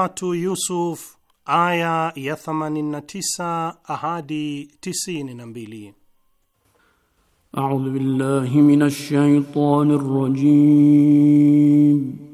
Suratu Yusuf aya ya 89 hadi 92. A'udhu billahi minash shaitani rrajim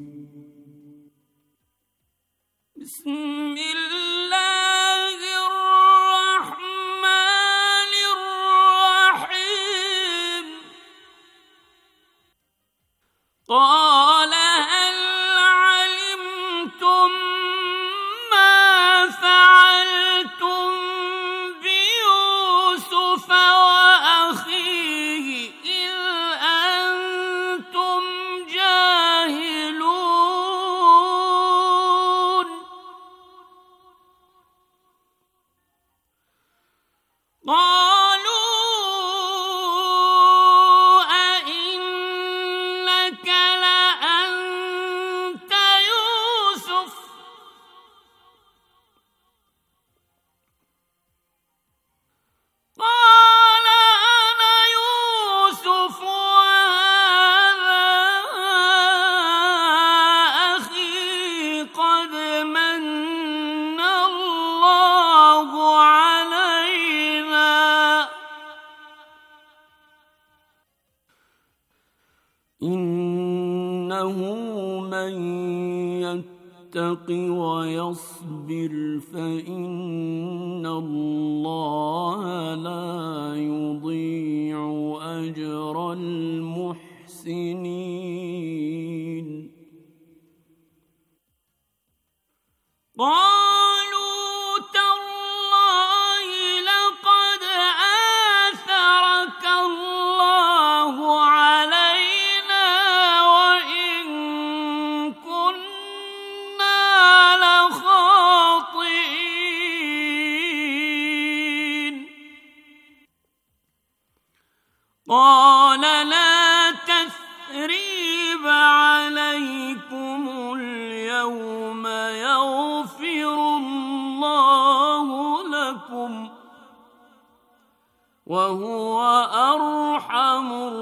huwa arhamur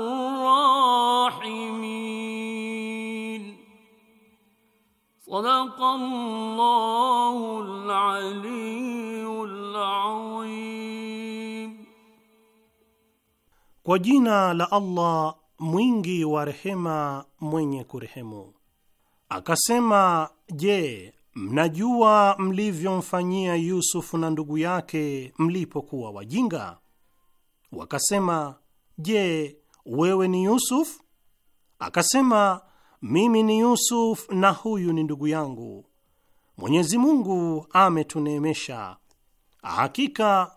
rahimin. aliyyul azim. Kwa jina la Allah mwingi wa rehema mwenye kurehemu. Akasema, je, mnajua mlivyomfanyia Yusufu na ndugu yake mlipokuwa wajinga? Wakasema, Je, wewe ni Yusuf? Akasema, mimi ni Yusuf na huyu ni ndugu yangu. Mwenyezi Mungu ametuneemesha. Hakika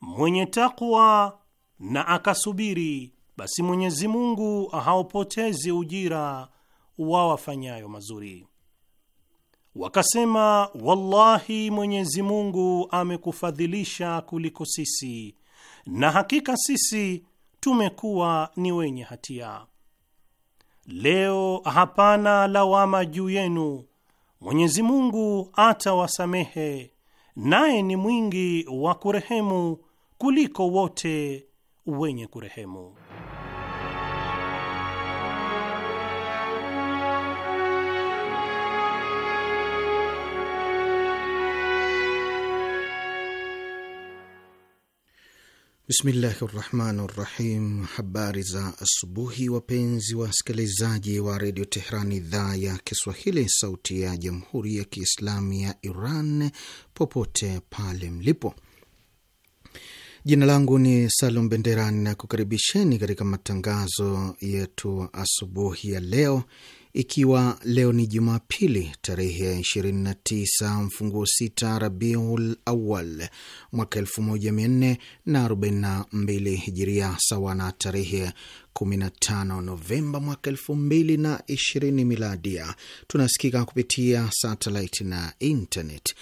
mwenye takwa na akasubiri, basi Mwenyezi Mungu haupotezi ujira wa wafanyayo mazuri. Wakasema, wallahi Mwenyezi Mungu amekufadhilisha kuliko sisi na hakika sisi tumekuwa ni wenye hatia. Leo hapana lawama juu yenu, Mwenyezi Mungu atawasamehe, naye ni mwingi wa kurehemu kuliko wote wenye kurehemu. Bismillahi rahmani rahim. Habari za asubuhi, wapenzi wasikilizaji wa redio Tehran, idhaa ya Kiswahili, sauti ya jamhuri ya kiislamu ya Iran, popote pale mlipo. Jina langu ni Salum bendera ninakukaribisheni kukaribisheni katika matangazo yetu asubuhi ya leo, ikiwa leo ni Jumapili tarehe ya 29 mfunguo 6 Rabiul Awal mwaka 1442 Hijiria, sawa na tarehe 15 Novemba mwaka 2020 Miladia. Tunasikika kupitia satellite na internet.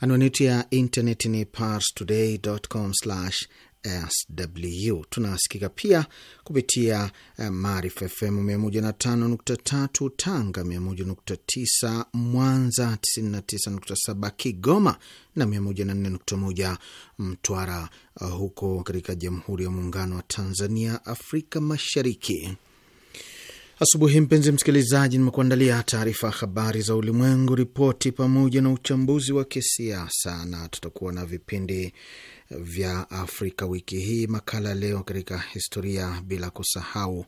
Anwani ya internet ni parstoday.com SW. Tunasikika pia kupitia eh, Maarifa FM 105.3 Tanga, 101.9 Mwanza, 99.7 Kigoma na 104.1 Mtwara, eh, huko katika Jamhuri ya Muungano wa Tanzania, Afrika Mashariki. Asubuhi mpenzi msikilizaji, nimekuandalia taarifa ya habari za ulimwengu, ripoti pamoja na uchambuzi wa kisiasa, na tutakuwa na vipindi vya Afrika wiki hii, makala leo katika historia, bila kusahau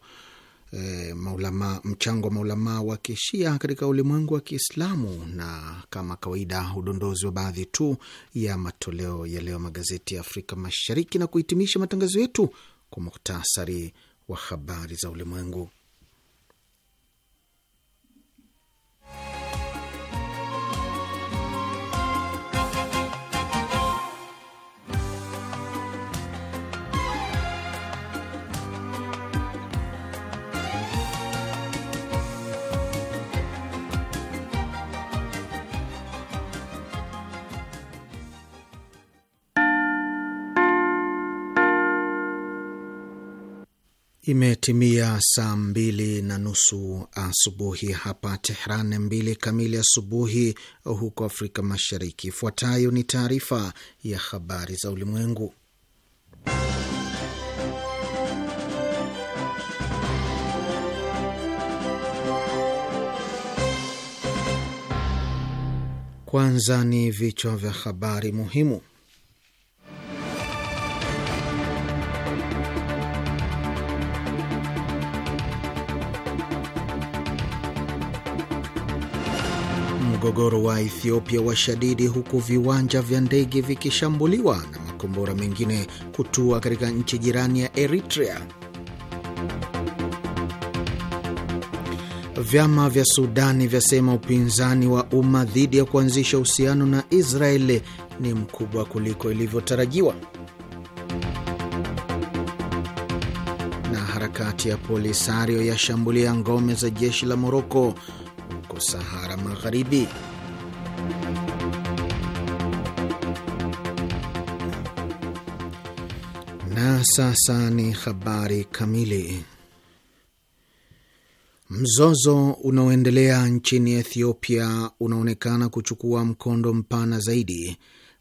e, maulama, mchango wa maulamaa wa kishia katika ulimwengu wa Kiislamu, na kama kawaida udondozi wa baadhi tu ya matoleo ya leo magazeti ya Afrika Mashariki, na kuhitimisha matangazo yetu kwa muhtasari wa habari za ulimwengu. Imetimia saa mbili na nusu asubuhi hapa Tehran, mbili kamili asubuhi huko Afrika Mashariki. Ifuatayo ni taarifa ya habari za ulimwengu, kwanza ni vichwa vya habari muhimu. Mgogoro wa Ethiopia wa shadidi huku viwanja vya ndege vikishambuliwa na makombora mengine kutua katika nchi jirani ya Eritrea. Vyama vya Sudani vyasema upinzani wa umma dhidi ya kuanzisha uhusiano na Israeli ni mkubwa kuliko ilivyotarajiwa. Na harakati ya Polisario yashambulia ngome za jeshi la Moroko huko Sahara Magharibi. sasa ni habari kamili. Mzozo unaoendelea nchini Ethiopia unaonekana kuchukua mkondo mpana zaidi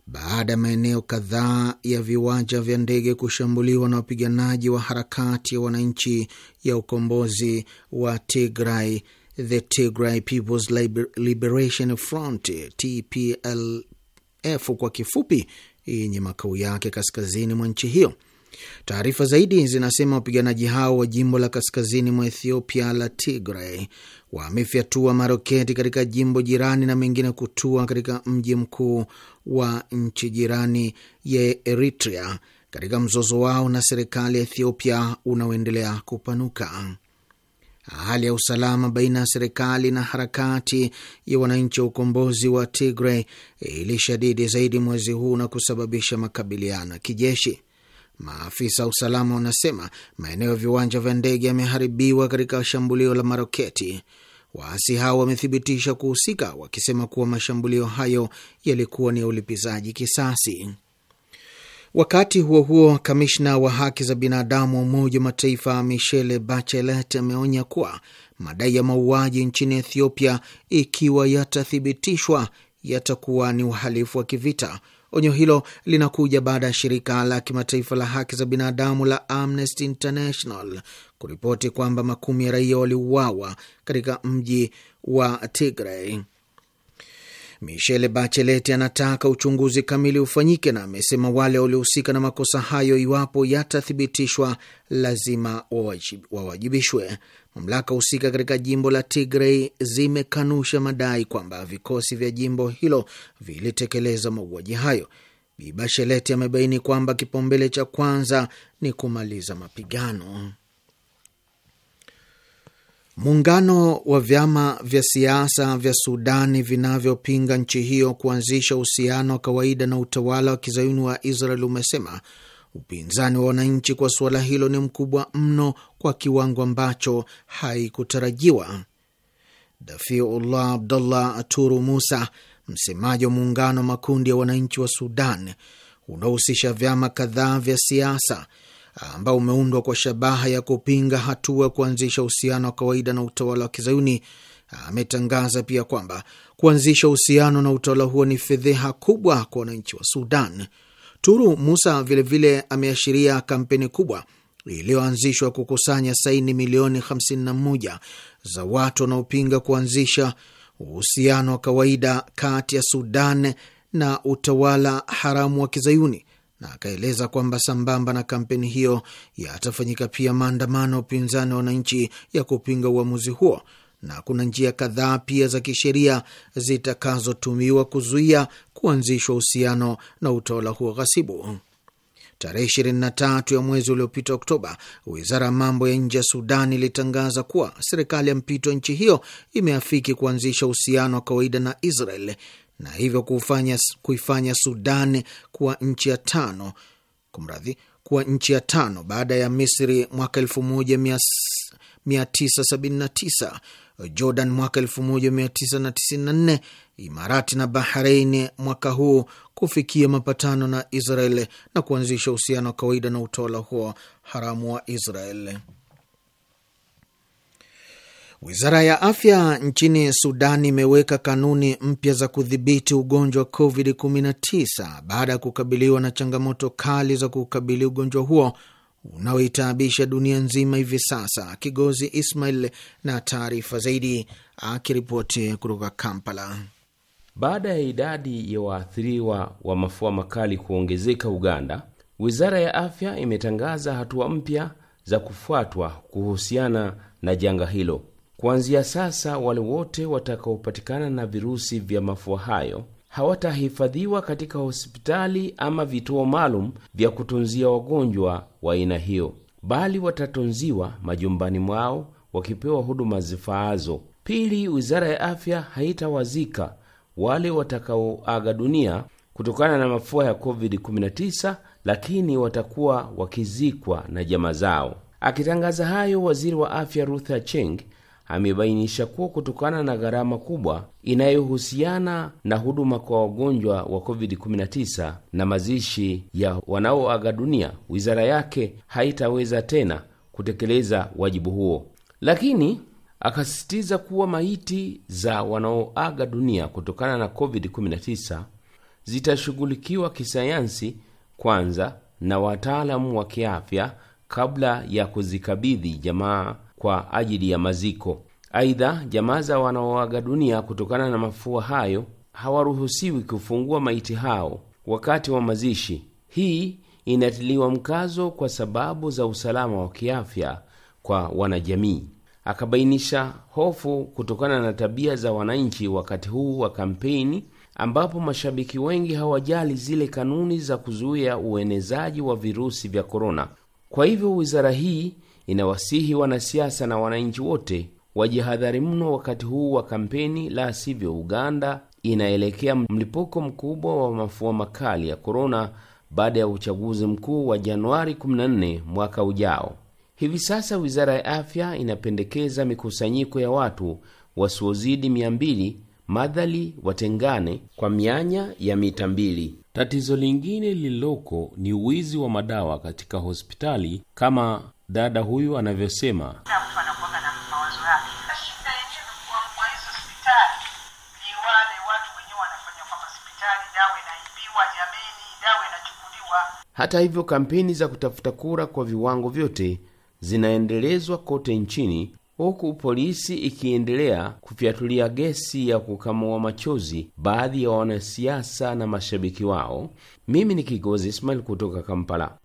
baada ya maeneo kadhaa ya viwanja vya ndege kushambuliwa na wapiganaji wa harakati ya wananchi ya ukombozi wa Tigray, the Tigray People's Liberation Front, TPLF kwa kifupi, yenye makao yake kaskazini mwa nchi hiyo. Taarifa zaidi zinasema wapiganaji hao wa jimbo la kaskazini mwa Ethiopia la Tigray wamefyatua maroketi katika jimbo jirani na mengine kutua katika mji mkuu wa nchi jirani ya Eritrea katika mzozo wao na serikali ya Ethiopia unaoendelea kupanuka. Hali ya usalama baina ya serikali na harakati ya wananchi wa ukombozi wa Tigray ilishadidi zaidi mwezi huu na kusababisha makabiliano ya kijeshi. Maafisa wa usalama wanasema maeneo ya viwanja vya ndege yameharibiwa katika shambulio la maroketi. Waasi hao wamethibitisha kuhusika, wakisema kuwa mashambulio hayo yalikuwa ni ya ulipizaji kisasi. Wakati huo huo, kamishna wa haki za binadamu wa Umoja wa Mataifa Michelle Bachelet ameonya kuwa madai ya mauaji nchini Ethiopia, ikiwa yatathibitishwa, yatakuwa ni uhalifu wa kivita Onyo hilo linakuja baada ya shirika la kimataifa la haki za binadamu la Amnesty International kuripoti kwamba makumi ya raia waliuawa katika mji wa Tigray Michele Bachelet anataka uchunguzi kamili ufanyike na amesema wale waliohusika na makosa hayo, iwapo yatathibitishwa, lazima wawajibishwe. Mamlaka husika katika jimbo la Tigray zimekanusha madai kwamba vikosi vya jimbo hilo vilitekeleza mauaji hayo. Bi Bachelet amebaini kwamba kipaumbele cha kwanza ni kumaliza mapigano. Muungano wa vyama vya siasa vya Sudani vinavyopinga nchi hiyo kuanzisha uhusiano wa kawaida na utawala wa kizayuni wa Israel umesema upinzani wa wananchi kwa suala hilo ni mkubwa mno kwa kiwango ambacho haikutarajiwa. Dafiullah Abdullah Aturu Musa, msemaji wa muungano wa makundi ya wananchi wa Sudan unaohusisha vyama kadhaa vya siasa ambao umeundwa kwa shabaha ya kupinga hatua kuanzisha uhusiano wa kawaida na utawala wa Kizayuni, ametangaza pia kwamba kuanzisha uhusiano na utawala huo ni fedheha kubwa kwa wananchi wa Sudan. Turu Musa vilevile ameashiria kampeni kubwa iliyoanzishwa kukusanya saini milioni 51 za watu wanaopinga kuanzisha uhusiano wa kawaida kati ya Sudan na utawala haramu wa Kizayuni na akaeleza kwamba sambamba na kampeni hiyo yatafanyika pia maandamano ya upinzani wa wananchi ya kupinga uamuzi huo na kuna njia kadhaa pia za kisheria zitakazotumiwa kuzuia kuanzishwa uhusiano na utawala huo ghasibu. Tarehe 23 ya mwezi uliopita Oktoba, wizara ya mambo ya nje ya Sudan ilitangaza kuwa serikali ya mpito nchi hiyo imeafiki kuanzisha uhusiano wa kawaida na Israel na hivyo kuifanya, kuifanya Sudan kuwa nchi ya tano kumradhi, kuwa nchi ya tano baada ya Misri mwaka 1979, Jordan mwaka 1994, Imarati na bahrein mwaka huu kufikia mapatano na Israel na kuanzisha uhusiano wa kawaida na utawala huo haramu wa Israel. Wizara ya afya nchini Sudan imeweka kanuni mpya za kudhibiti ugonjwa wa COVID-19 baada ya kukabiliwa na changamoto kali za kukabili ugonjwa huo unaoitaabisha dunia nzima hivi sasa. Kigozi Ismail na taarifa zaidi akiripoti kutoka Kampala. Baada ya idadi ya waathiriwa wa mafua makali kuongezeka Uganda, wizara ya afya imetangaza hatua mpya za kufuatwa kuhusiana na janga hilo. Kuanzia sasa, wale wote watakaopatikana na virusi vya mafua hayo hawatahifadhiwa katika hospitali ama vituo maalum vya kutunzia wagonjwa wa aina hiyo, bali watatunziwa majumbani mwao wakipewa huduma zifaazo. Pili, wizara ya afya haitawazika wale watakaoaga dunia kutokana na mafua ya COVID-19, lakini watakuwa wakizikwa na jamaa zao. Akitangaza hayo, waziri wa afya Ruth Acheng amebainisha kuwa kutokana na gharama kubwa inayohusiana na huduma kwa wagonjwa wa COVID-19 na mazishi ya wanaoaga dunia, wizara yake haitaweza tena kutekeleza wajibu huo, lakini akasisitiza kuwa maiti za wanaoaga dunia kutokana na COVID-19 zitashughulikiwa kisayansi kwanza na wataalamu wa kiafya kabla ya kuzikabidhi jamaa kwa ajili ya maziko. Aidha, jamaa za wanaoaga dunia kutokana na mafua hayo hawaruhusiwi kufungua maiti hao wakati wa mazishi. Hii inatiliwa mkazo kwa sababu za usalama wa kiafya kwa wanajamii. Akabainisha hofu kutokana na tabia za wananchi wakati huu wa kampeni, ambapo mashabiki wengi hawajali zile kanuni za kuzuia uenezaji wa virusi vya korona. Kwa hivyo wizara hii inawasihi wanasiasa na wananchi wote wajihadhari mno wakati huu wa kampeni, la sivyo Uganda inaelekea mlipuko mkubwa wa mafua makali ya korona baada ya uchaguzi mkuu wa Januari 14 mwaka ujao. Hivi sasa wizara ya afya inapendekeza mikusanyiko ya watu wasiozidi 200 madhali watengane kwa mianya ya mita mbili. Tatizo lingine lililoko ni wizi wa madawa katika hospitali kama dada huyu anavyosema. Hata hivyo, kampeni za kutafuta kura kwa viwango vyote zinaendelezwa kote nchini huku polisi ikiendelea kufyatulia gesi ya kukamua machozi baadhi ya wanasiasa na mashabiki wao. Mimi ni Kigozi Ismail kutoka Kampala.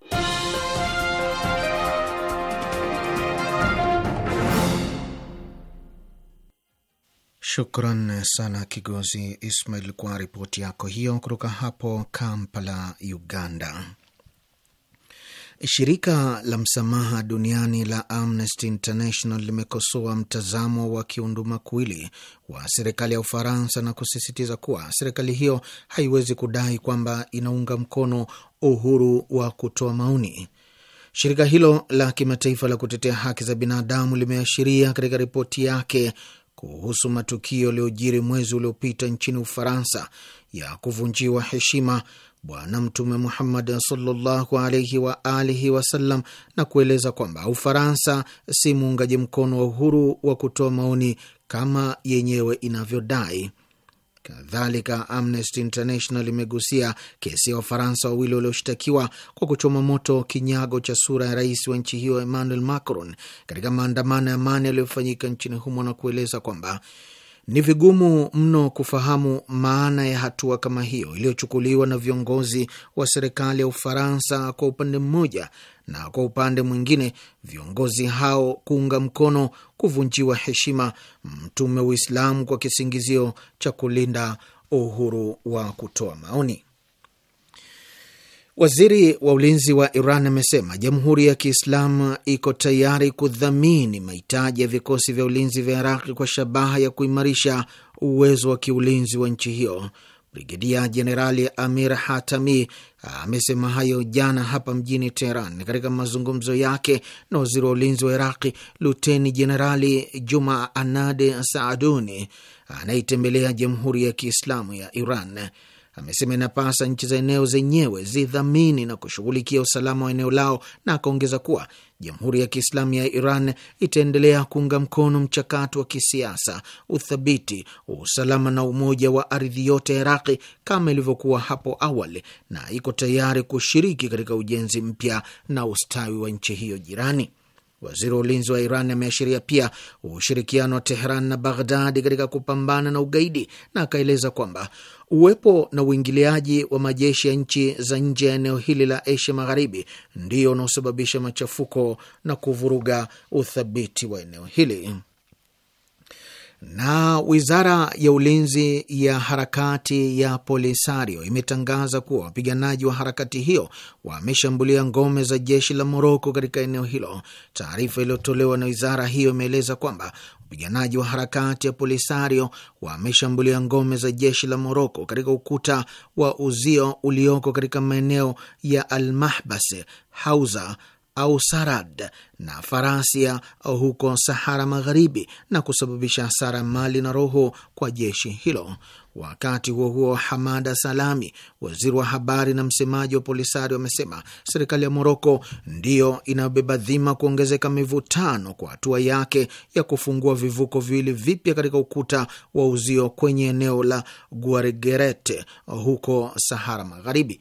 Shukran sana Kigozi Ismail kwa ripoti yako hiyo kutoka hapo Kampala, Uganda. Shirika la msamaha duniani la Amnesty International limekosoa mtazamo wa kiundumakuwili wa serikali ya Ufaransa na kusisitiza kuwa serikali hiyo haiwezi kudai kwamba inaunga mkono uhuru wa kutoa maoni. Shirika hilo la kimataifa la kutetea haki za binadamu limeashiria katika ripoti yake kuhusu matukio yaliyojiri mwezi uliopita nchini Ufaransa ya kuvunjiwa heshima Bwana Mtume Muhammad sallallahu alaihi wa alihi wasallam na kueleza kwamba Ufaransa si muungaji mkono wa uhuru wa kutoa maoni kama yenyewe inavyodai. Kadhalika, Amnesty International imegusia kesi ya Wafaransa wawili walioshtakiwa kwa kuchoma moto kinyago cha sura ya rais wa nchi hiyo Emmanuel Macron katika maandamano ya amani yaliyofanyika nchini humo na kueleza kwamba ni vigumu mno kufahamu maana ya hatua kama hiyo iliyochukuliwa na viongozi wa serikali ya Ufaransa kwa upande mmoja na kwa upande mwingine viongozi hao kuunga mkono kuvunjiwa heshima mtume wa Uislamu kwa kisingizio cha kulinda uhuru wa kutoa maoni. Waziri wa ulinzi wa Iran amesema jamhuri ya Kiislamu iko tayari kudhamini mahitaji ya vikosi vya ulinzi vya Iraqi kwa shabaha ya kuimarisha uwezo wa kiulinzi wa nchi hiyo. Brigedia Jenerali Amir Hatami amesema hayo jana hapa mjini Teheran katika mazungumzo yake na waziri wa ulinzi wa Iraqi Luteni Jenerali Juma Anade Saaduni anayetembelea jamhuri ya Kiislamu ya Iran amesema inapasa nchi za eneo zenyewe zidhamini na kushughulikia usalama wa eneo lao, na akaongeza kuwa Jamhuri ya Kiislamu ya Iran itaendelea kuunga mkono mchakato wa kisiasa, uthabiti, usalama na umoja wa ardhi yote ya Iraqi kama ilivyokuwa hapo awali, na iko tayari kushiriki katika ujenzi mpya na ustawi wa nchi hiyo jirani. Waziri wa ulinzi wa Iran ameashiria pia ushirikiano wa Teheran na Baghdadi katika kupambana na ugaidi na akaeleza kwamba uwepo na uingiliaji wa majeshi ya nchi za nje ya eneo hili la Asia Magharibi ndio unaosababisha machafuko na kuvuruga uthabiti wa eneo hili. Na wizara ya ulinzi ya harakati ya Polisario imetangaza kuwa wapiganaji wa harakati hiyo wameshambulia ngome za jeshi la Moroko katika eneo hilo. Taarifa iliyotolewa na wizara hiyo imeeleza kwamba wapiganaji wa harakati ya Polisario wameshambulia ngome za jeshi la Moroko katika ukuta wa uzio ulioko katika maeneo ya Almahbas Hausa au Sarad na Farasia huko Sahara Magharibi na kusababisha hasara mali na roho kwa jeshi hilo. Wakati huo huo, Hamada Salami, waziri wa habari na msemaji wa Polisari, wamesema serikali ya Moroko ndiyo inayobeba dhima kuongezeka mivutano kwa hatua yake ya kufungua vivuko viwili vipya katika ukuta wa uzio kwenye eneo la Guaregerete huko Sahara Magharibi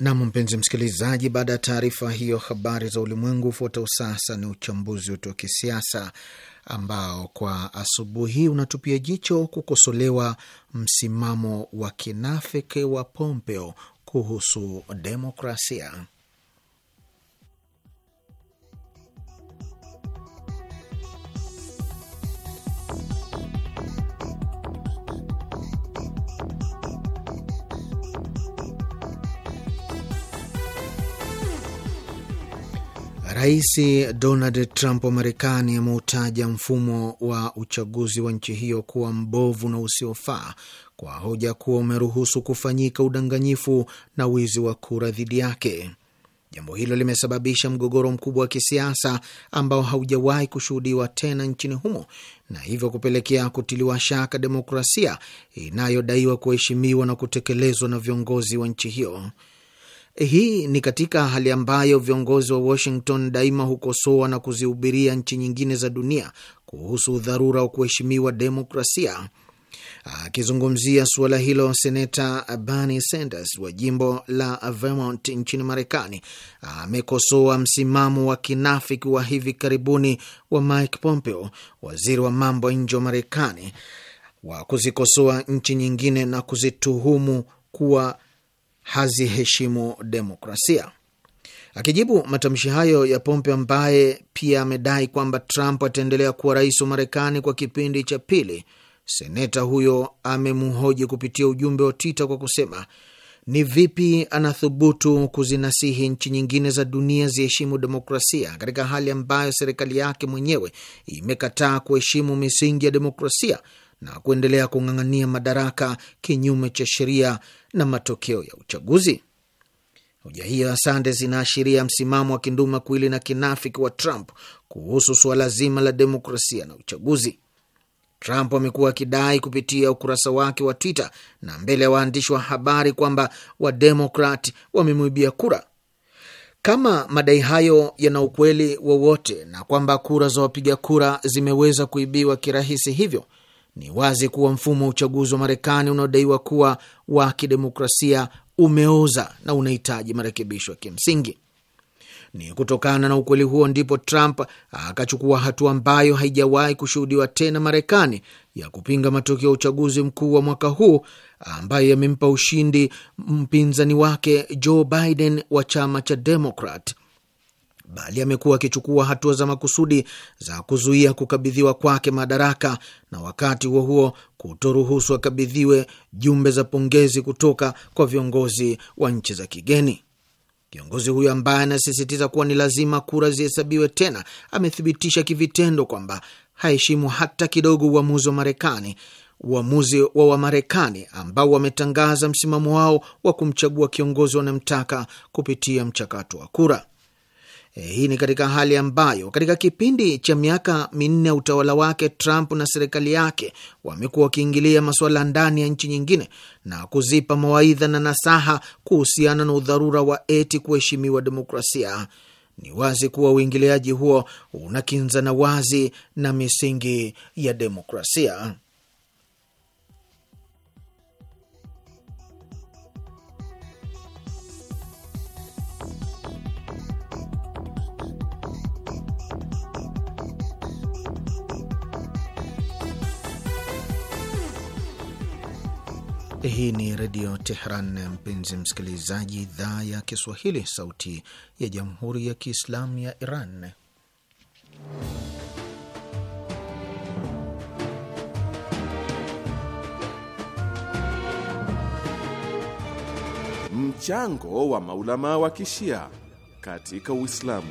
Nam, mpenzi msikilizaji, baada ya taarifa hiyo habari za ulimwengu, hufuata sasa ni uchambuzi wetu wa kisiasa ambao kwa asubuhi hii unatupia jicho kukosolewa msimamo wa kinafiki wa Pompeo kuhusu demokrasia. Rais Donald Trump wa Marekani ameutaja mfumo wa uchaguzi wa nchi hiyo kuwa mbovu na usiofaa kwa hoja kuwa umeruhusu kufanyika udanganyifu na wizi wa kura dhidi yake. Jambo hilo limesababisha mgogoro mkubwa wa kisiasa ambao haujawahi kushuhudiwa tena nchini humo na hivyo kupelekea kutiliwa shaka demokrasia inayodaiwa kuheshimiwa na kutekelezwa na viongozi wa nchi hiyo. Hii ni katika hali ambayo viongozi wa Washington daima hukosoa na kuzihubiria nchi nyingine za dunia kuhusu dharura wa kuheshimiwa demokrasia. Akizungumzia suala hilo, senata Bernie Sanders wa jimbo la Vermont nchini Marekani amekosoa msimamo wa kinafiki wa hivi karibuni wa Mike Pompeo, waziri wa mambo ya nje wa Marekani, wa kuzikosoa nchi nyingine na kuzituhumu kuwa haziheshimu demokrasia. Akijibu matamshi hayo ya Pompe, ambaye pia amedai kwamba Trump ataendelea kuwa rais wa Marekani kwa kipindi cha pili, seneta huyo amemhoji kupitia ujumbe wa Twitter kwa kusema ni vipi anathubutu kuzinasihi nchi nyingine za dunia ziheshimu demokrasia katika hali ambayo serikali yake mwenyewe imekataa kuheshimu misingi ya demokrasia na kuendelea kung'ang'ania madaraka kinyume cha sheria na matokeo ya uchaguzi. Hoja hiyo ya Sanders inaashiria msimamo wa kinduma kuili na kinafiki wa Trump kuhusu suala zima la demokrasia na uchaguzi. Trump amekuwa akidai kupitia ukurasa wake wa Twitter na mbele ya waandishi wa habari kwamba Wademokrat wamemwibia kura. Kama madai hayo yana ukweli wowote na kwamba kura za wapiga kura zimeweza kuibiwa kirahisi hivyo ni wazi kuwa mfumo wa uchaguzi wa Marekani unaodaiwa kuwa wa kidemokrasia umeoza na unahitaji marekebisho ya kimsingi. Ni kutokana na ukweli huo ndipo Trump akachukua hatua ambayo haijawahi kushuhudiwa tena Marekani ya kupinga matokeo ya uchaguzi mkuu wa mwaka huu ambayo yamempa ushindi mpinzani wake Joe Biden wa chama cha Demokrat bali amekuwa akichukua hatua za makusudi za kuzuia kukabidhiwa kwake madaraka na wakati huo huo kutoruhusu akabidhiwe jumbe za pongezi kutoka kwa viongozi wa nchi za kigeni. Kiongozi huyo ambaye anasisitiza kuwa ni lazima kura zihesabiwe tena, amethibitisha kivitendo kwamba haheshimu hata kidogo uamuzi wa Marekani, uamuzi wa Wamarekani ambao wametangaza msimamo wao wa kumchagua kiongozi wanamtaka kupitia mchakato wa kura. Eh, hii ni katika hali ambayo katika kipindi cha miaka minne ya utawala wake Trump na serikali yake wamekuwa wakiingilia masuala ndani ya nchi nyingine na kuzipa mawaidha na nasaha kuhusiana na udharura wa eti kuheshimiwa demokrasia. Ni wazi kuwa uingiliaji huo unakinzana wazi na misingi ya demokrasia. Hii ni Redio Tehran, mpenzi msikilizaji, idhaa ya Kiswahili, sauti ya Jamhuri ya Kiislamu ya Iran. Mchango wa maulama wa kishia katika Uislamu.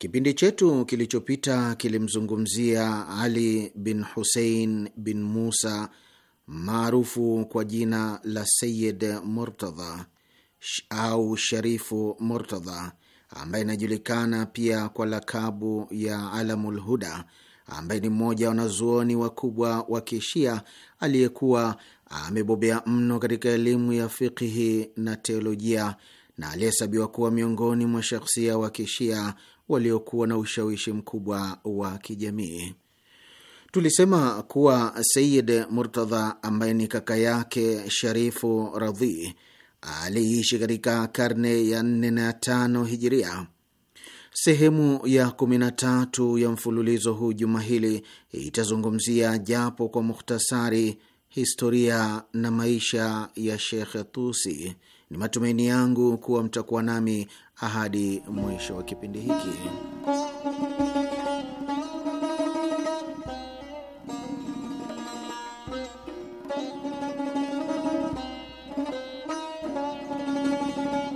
Kipindi chetu kilichopita kilimzungumzia Ali bin Husein bin Musa maarufu kwa jina la Sayid Murtadha au Sharifu Murtadha, ambaye inajulikana pia kwa lakabu ya Alamul Huda, ambaye ni mmoja wa wanazuoni wakubwa wa Kishia aliyekuwa amebobea mno katika elimu ya fikihi na teolojia na aliyehesabiwa kuwa miongoni mwa shakhsia wa Kishia waliokuwa na ushawishi mkubwa wa kijamii. Tulisema kuwa Sayid Murtadha ambaye ni kaka yake Sharifu Radhi aliishi katika karne ya nne na tano hijiria. Sehemu ya kumi na tatu ya mfululizo huu juma hili itazungumzia japo kwa mukhtasari historia na maisha ya Shekhe Tusi, ni matumaini yangu kuwa mtakuwa nami hadi mwisho wa kipindi hiki.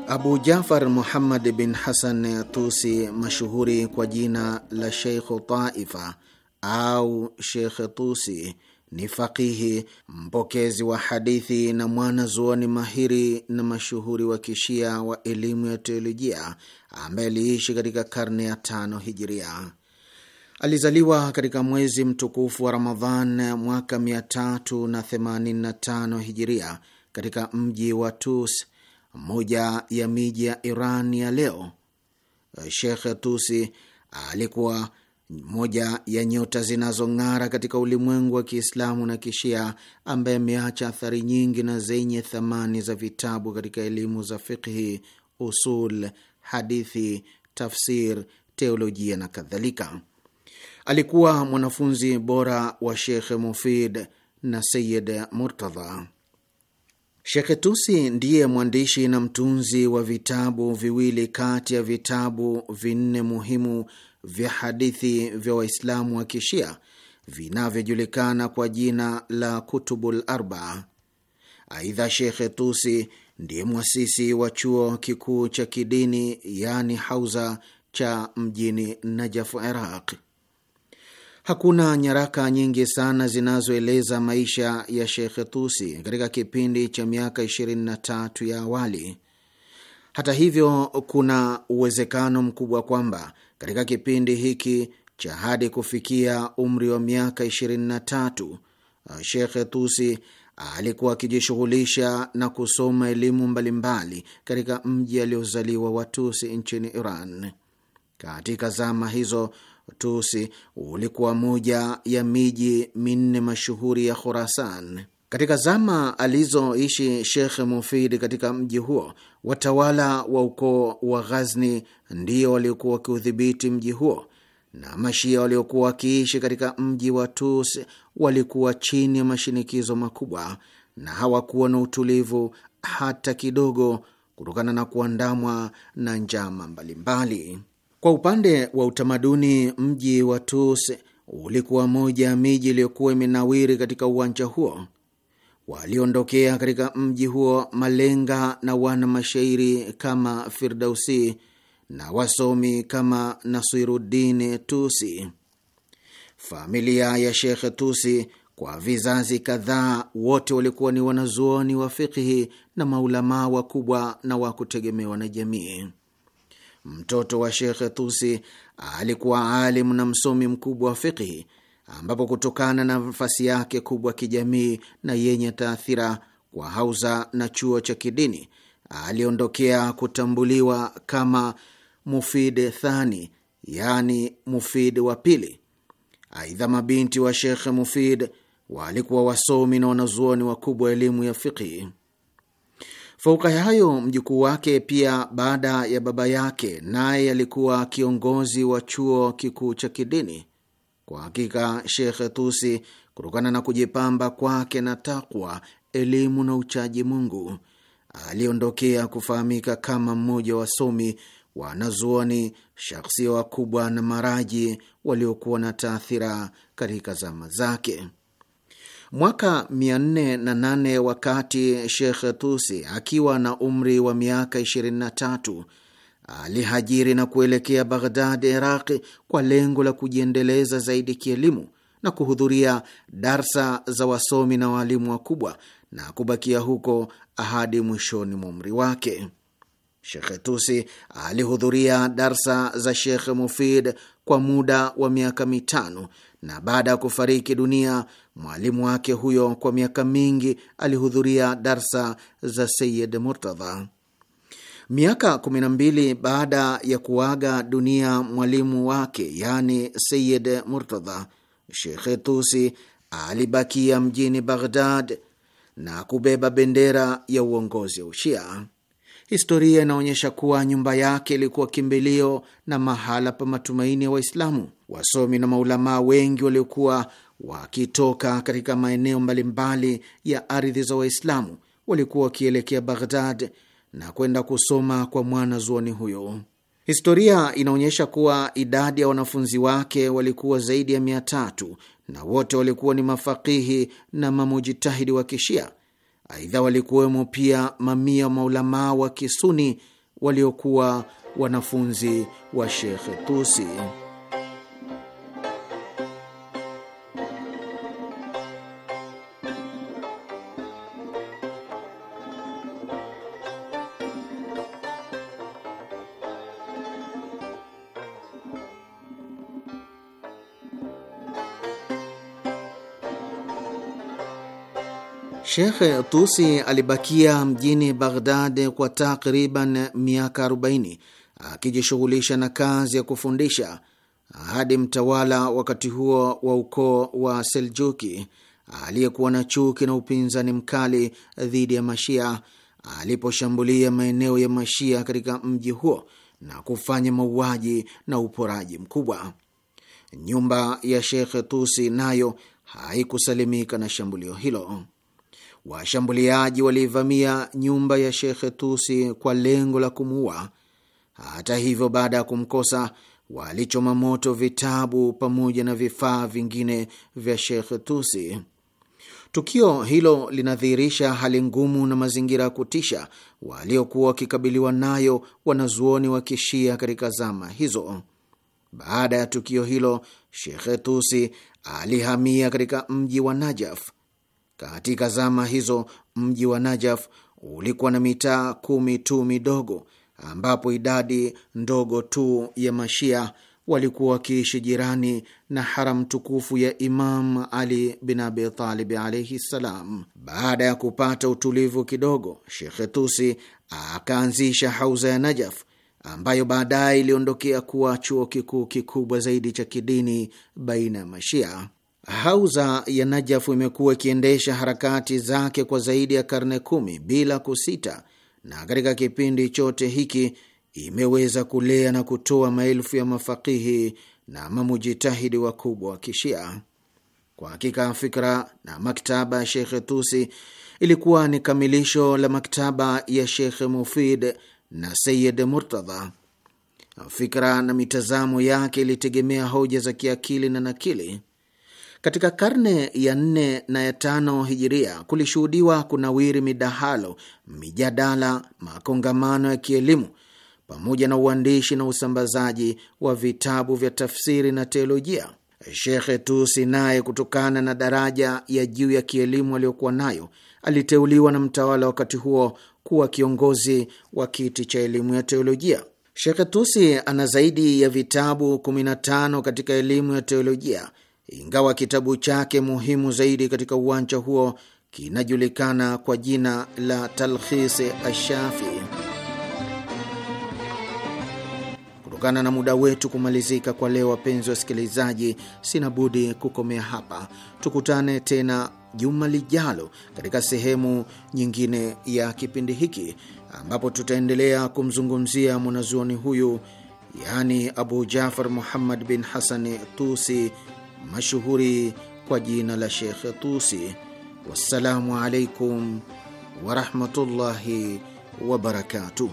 Abu Jafar Muhammad bin Hasan Tusi, mashuhuri kwa jina la Sheikhu Taifa au Sheikh Tusi ni faqihi mpokezi wa hadithi na mwanazuoni mahiri na mashuhuri wa kishia wa elimu ya teolojia ambaye aliishi katika karne ya tano hijiria. Alizaliwa katika mwezi mtukufu wa Ramadhan mwaka 385 hijiria katika mji wa Tus, moja ya miji ya Iran ya leo. Shekh Tusi alikuwa moja ya nyota zinazong'ara katika ulimwengu wa Kiislamu na Kishia, ambaye ameacha athari nyingi na zenye thamani za vitabu katika elimu za fiqhi, usul, hadithi, tafsir, teolojia na kadhalika. Alikuwa mwanafunzi bora wa Shekh Mufid na Sayid Murtadha. Shekhe Tusi ndiye mwandishi na mtunzi wa vitabu viwili kati ya vitabu vinne muhimu vya hadithi vya Waislamu wa kishia vinavyojulikana kwa jina la Kutubul Arba. Aidha, Shekhe Tusi ndiye mwasisi wa chuo kikuu cha kidini yani hauza cha mjini Najaf, Iraq. Hakuna nyaraka nyingi sana zinazoeleza maisha ya Shekhe Tusi katika kipindi cha miaka 23 ya awali. Hata hivyo, kuna uwezekano mkubwa kwamba katika kipindi hiki cha hadi kufikia umri wa miaka 23 uh, Shekhe Tusi alikuwa akijishughulisha na kusoma elimu mbalimbali katika mji aliozaliwa Watusi nchini Iran. Katika zama hizo, Tusi ulikuwa moja ya miji minne mashuhuri ya Khurasan. Katika zama alizoishi Shekh Mufid katika mji huo, watawala wa ukoo wa Ghazni ndio waliokuwa wakiudhibiti mji huo, na Mashia waliokuwa wakiishi katika mji wa Tus walikuwa chini ya mashinikizo makubwa na hawakuwa na utulivu hata kidogo, kutokana na kuandamwa na njama mbalimbali. Kwa upande wa utamaduni, mji wa Tus ulikuwa moja ya miji iliyokuwa imenawiri katika uwanja huo waliondokea katika mji huo malenga na wana mashairi kama Firdausi na wasomi kama Nasiruddin Tusi. Familia ya Shekh Tusi kwa vizazi kadhaa wote walikuwa ni wanazuoni wa fikihi na maulamaa wakubwa na wa kutegemewa na jamii. Mtoto wa Shekhe Tusi alikuwa alimu na msomi mkubwa wa fikihi ambapo kutokana na nafasi yake kubwa kijamii na yenye taathira kwa hauza na chuo cha kidini aliondokea kutambuliwa kama Mufid Thani, yaani Mufid wa pili. Aidha, mabinti wa Shekhe Mufid walikuwa wasomi na wanazuoni wakubwa elimu ya fiqhi. Fauka ya hayo, mjukuu wake pia baada ya baba yake, naye alikuwa kiongozi wa chuo kikuu cha kidini. Kwa hakika Shekhe Tusi, kutokana na kujipamba kwake na takwa, elimu na uchaji Mungu, aliondokea kufahamika kama mmoja wa wasomi wanazuoni shakhsia wakubwa na maraji waliokuwa na taathira katika zama zake. Mwaka 408 wakati Shekh Tusi akiwa na umri wa miaka 23 alihajiri na kuelekea Baghdad, Iraqi, kwa lengo la kujiendeleza zaidi kielimu na kuhudhuria darsa za wasomi na waalimu wakubwa na kubakia huko hadi mwishoni mwa umri wake. Shekhe Tusi alihudhuria darsa za Shekhe Mufid kwa muda wa miaka mitano, na baada ya kufariki dunia mwalimu wake huyo, kwa miaka mingi alihudhuria darsa za Sayid Murtadha. Miaka kumi na mbili baada ya kuaga dunia mwalimu wake, yaani Sayid Murtadha, Shekhe Tusi alibakia mjini Baghdad na kubeba bendera ya uongozi wa Ushia. Historia inaonyesha kuwa nyumba yake ilikuwa kimbilio na mahala pa matumaini ya wa Waislamu. Wasomi na maulamaa wengi waliokuwa wakitoka katika maeneo mbalimbali ya ardhi za Waislamu walikuwa wakielekea Baghdad na kwenda kusoma kwa mwana zuoni huyo. Historia inaonyesha kuwa idadi ya wanafunzi wake walikuwa zaidi ya mia tatu na wote walikuwa ni mafakihi na mamujitahidi wa Kishia. Aidha, walikuwemo pia mamia maulamaa wa Kisuni waliokuwa wanafunzi wa shekhe Tusi. shekh Tusi alibakia mjini Baghdad kwa takriban miaka 40 akijishughulisha na kazi ya kufundisha hadi mtawala wakati huo wa ukoo wa Seljuki aliyekuwa na chuki na upinzani mkali dhidi ya Mashia aliposhambulia maeneo ya Mashia katika mji huo na kufanya mauaji na uporaji mkubwa. Nyumba ya shekh Tusi nayo haikusalimika na shambulio hilo washambuliaji walivamia nyumba ya Shekhe Tusi kwa lengo la kumuua. Hata hivyo, baada ya kumkosa walichoma moto vitabu pamoja na vifaa vingine vya Shekhe Tusi. Tukio hilo linadhihirisha hali ngumu na mazingira ya kutisha waliokuwa wakikabiliwa nayo wanazuoni wa kishia katika zama hizo. Baada ya tukio hilo, Shekhe Tusi alihamia katika mji wa Najaf. Katika zama hizo mji wa Najaf ulikuwa na mitaa kumi tu midogo, ambapo idadi ndogo tu ya Mashia walikuwa wakiishi jirani na haram tukufu ya Imam Ali bin Abi Talib alaihi ssalam. Baada ya kupata utulivu kidogo, Shekhe Tusi akaanzisha hauza ya Najaf ambayo baadaye iliondokea kuwa chuo kikuu kikubwa zaidi cha kidini baina ya Mashia. Hauza ya Najafu imekuwa ikiendesha harakati zake kwa zaidi ya karne kumi bila kusita, na katika kipindi chote hiki imeweza kulea na kutoa maelfu ya mafakihi na mamujitahidi wakubwa wa Kishia. Kwa hakika fikra na maktaba ya Shekhe Tusi ilikuwa ni kamilisho la maktaba ya Shekhe Mufid na Sayid Murtadha. Fikra na mitazamo yake ilitegemea hoja za kiakili na nakili. Katika karne ya nne na ya tano hijiria kulishuhudiwa kunawiri midahalo, mijadala, makongamano ya kielimu pamoja na uandishi na usambazaji wa vitabu vya tafsiri na teolojia. Shekhe Tusi naye kutokana na daraja ya juu ya kielimu aliyokuwa nayo aliteuliwa na mtawala wakati huo kuwa kiongozi wa kiti cha elimu ya teolojia. Shekhe Tusi ana zaidi ya vitabu 15 katika elimu ya teolojia ingawa kitabu chake muhimu zaidi katika uwanja huo kinajulikana kwa jina la talkhis ashafi Kutokana na muda wetu kumalizika kwa leo, wapenzi wasikilizaji, sina budi kukomea hapa. Tukutane tena juma lijalo katika sehemu nyingine ya kipindi hiki ambapo tutaendelea kumzungumzia mwanazuoni huyu, yaani Abu Jafar Muhammad bin Hasani Tusi mashuhuri kwa jina la Shekh Tusi. Wassalamu alaikum warahmatullahi wabarakatuh.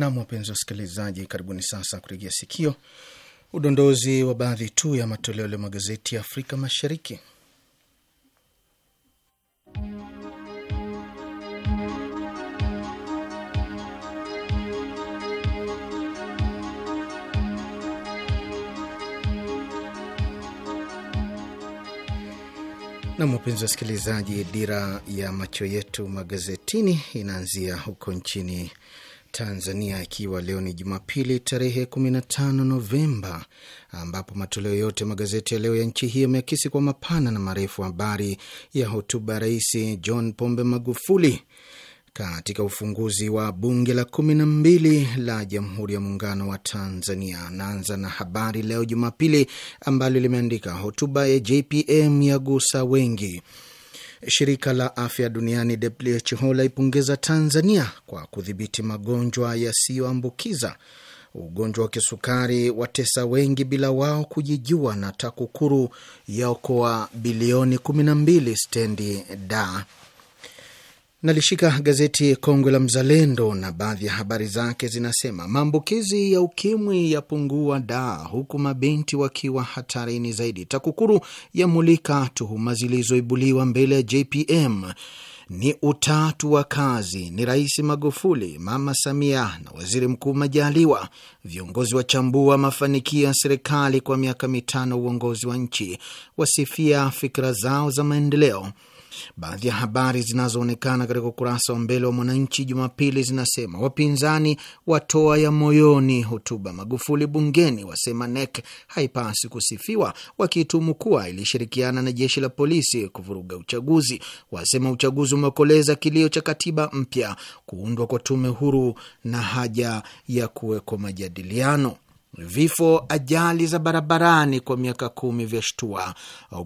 Nam, wapenzi wasikilizaji, karibuni sasa kurejea sikio udondozi wa baadhi tu ya matoleo ya magazeti ya Afrika Mashariki. Nam, wapenzi wasikilizaji, dira ya macho yetu magazetini inaanzia huko nchini Tanzania, ikiwa leo ni Jumapili tarehe 15 Novemba, ambapo matoleo yote magazeti ya leo ya nchi hii yameakisi kwa mapana na marefu habari ya hotuba ya Rais John Pombe Magufuli katika ufunguzi wa bunge la kumi na mbili la Jamhuri ya Muungano wa Tanzania. Naanza na Habari Leo Jumapili ambalo limeandika hotuba ya JPM ya gusa wengi Shirika la Afya Duniani WHO laipongeza Tanzania kwa kudhibiti magonjwa yasiyoambukiza. Ugonjwa wa kisukari watesa wengi bila wao kujijua, na TAKUKURU yaokoa bilioni 12 stendi da Nalishika gazeti kongwe la Mzalendo na baadhi ya habari zake zinasema: maambukizi ya ukimwi yapungua da, huku mabinti wakiwa hatarini zaidi. TAKUKURU yamulika tuhuma zilizoibuliwa mbele ya JPM. Ni utatu wa kazi, ni Rais Magufuli, Mama Samia na Waziri Mkuu Majaliwa. Viongozi wachambua mafanikio ya serikali kwa miaka mitano uongozi wa nchi, wasifia fikra zao za maendeleo. Baadhi ya habari zinazoonekana katika ukurasa wa mbele wa Mwananchi Jumapili zinasema wapinzani watoa ya moyoni hotuba Magufuli bungeni, wasema NEC haipasi kusifiwa, wakitumu kuwa ilishirikiana na jeshi la polisi kuvuruga uchaguzi, wasema uchaguzi umekoleza kilio cha katiba mpya, kuundwa kwa tume huru na haja ya kuwekwa majadiliano. Vifo ajali za barabarani kwa miaka kumi vya shtua.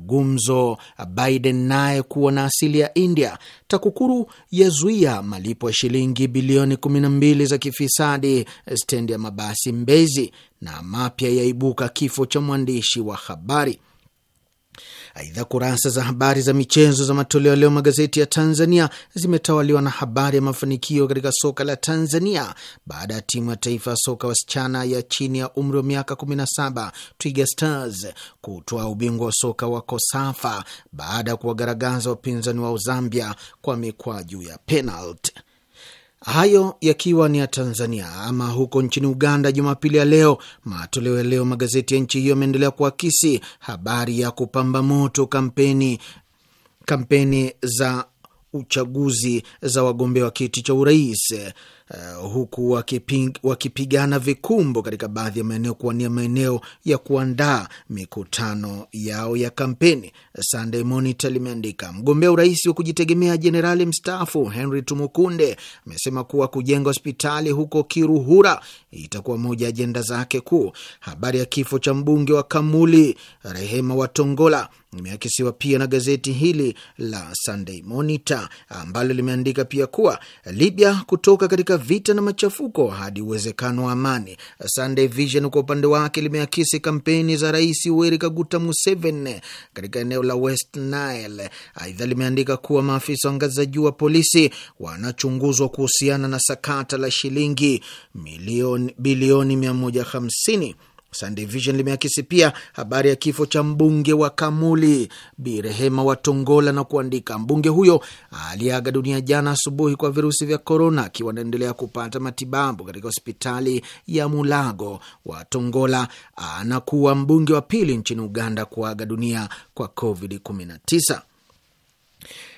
Gumzo Biden naye kuwa na asili ya India. TAKUKURU yazuia malipo ya shilingi bilioni kumi na mbili za kifisadi stendi ya mabasi Mbezi, na mapya yaibuka kifo cha mwandishi wa habari. Aidha, kurasa za habari za michezo za matoleo leo magazeti ya Tanzania zimetawaliwa na habari ya mafanikio katika soka la Tanzania baada ya timu ya taifa ya soka wasichana ya chini ya umri wa miaka 17 Twiga Stars kutoa ubingwa wa soka wa Kosafa baada ya kuwagaragaza wapinzani wao Zambia kwa mikwaju ya penalti. Hayo yakiwa ni ya Tanzania. Ama huko nchini Uganda, Jumapili ya leo, matoleo ya leo magazeti ya nchi hiyo yameendelea kuakisi habari ya kupamba moto kampeni kampeni za uchaguzi za wagombea wa kiti cha urais uh, huku wakipigana vikumbo katika baadhi ya maeneo kuwania maeneo ya kuandaa mikutano yao ya kampeni. Sunday Monitor limeandika mgombea urais wa kujitegemea jenerali mstaafu Henry Tumukunde amesema kuwa kujenga hospitali huko Kiruhura itakuwa moja ya ajenda zake kuu. Habari ya kifo cha mbunge wa Kamuli Rehema Watongola imeakisiwa pia na gazeti hili la Sunday Monitor ambalo limeandika pia kuwa Libya kutoka katika vita na machafuko hadi uwezekano wa amani. Sunday Vision kwa upande wake limeakisi kampeni za Rais Yoweri Kaguta Museveni katika eneo la West Nile. Aidha, limeandika kuwa maafisa wa ngazi za juu wa polisi wanachunguzwa kuhusiana na sakata la shilingi bilioni 150 Sunday Vision limeakisi pia habari ya kifo cha mbunge wa Kamuli birehema wa Watongola na kuandika, mbunge huyo aliaga dunia jana asubuhi kwa virusi vya korona akiwa anaendelea kupata matibabu katika hospitali ya Mulago. Watongola anakuwa mbunge wa pili nchini Uganda kuaga dunia kwa COVID-19